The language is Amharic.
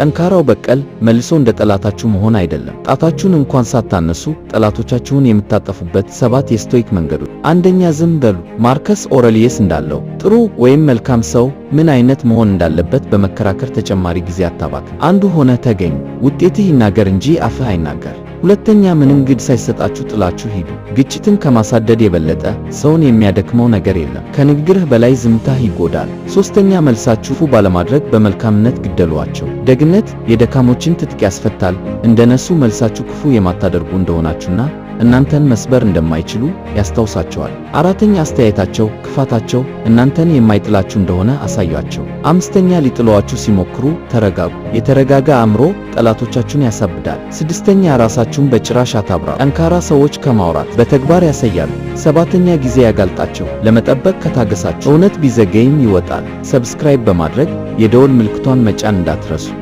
ጠንካራው በቀል መልሶ እንደ ጠላታችሁ መሆን አይደለም። ጣታችሁን እንኳን ሳታነሱ ጠላቶቻችሁን የምታጠፉበት ሰባት የስቶይክ መንገዶች። አንደኛ፣ ዝም በሉ። ማርከስ ኦረሊየስ እንዳለው ጥሩ ወይም መልካም ሰው ምን አይነት መሆን እንዳለበት በመከራከር ተጨማሪ ጊዜ አታባክ። አንዱ ሆነ ተገኝ። ውጤትህ ይናገር እንጂ አፍህ አይናገር። ሁለተኛ ምንም ግድ ሳይሰጣችሁ ጥላችሁ ሂዱ። ግጭትን ከማሳደድ የበለጠ ሰውን የሚያደክመው ነገር የለም። ከንግግርህ በላይ ዝምታህ ይጎዳል። ሶስተኛ መልሳችሁ ክፉ ባለማድረግ በመልካምነት ግደሏቸው። ደግነት የደካሞችን ትጥቅ ያስፈታል። እንደነሱ መልሳችሁ ክፉ የማታደርጉ እንደሆናችሁና እናንተን መስበር እንደማይችሉ ያስታውሳቸዋል። አራተኛ አስተያየታቸው፣ ክፋታቸው እናንተን የማይጥላችሁ እንደሆነ አሳያቸው። አምስተኛ ሊጥለዋችሁ ሲሞክሩ ተረጋጉ። የተረጋጋ አእምሮ ጠላቶቻችሁን ያሳብዳል። ስድስተኛ ራሳችሁን በጭራሽ አታብራ። ጠንካራ ሰዎች ከማውራት በተግባር ያሳያሉ። ሰባተኛ ጊዜ ያጋልጣቸው። ለመጠበቅ ከታገሳችሁ እውነት ቢዘገይም ይወጣል። ሰብስክራይብ በማድረግ የደወል ምልክቷን መጫን እንዳትረሱ።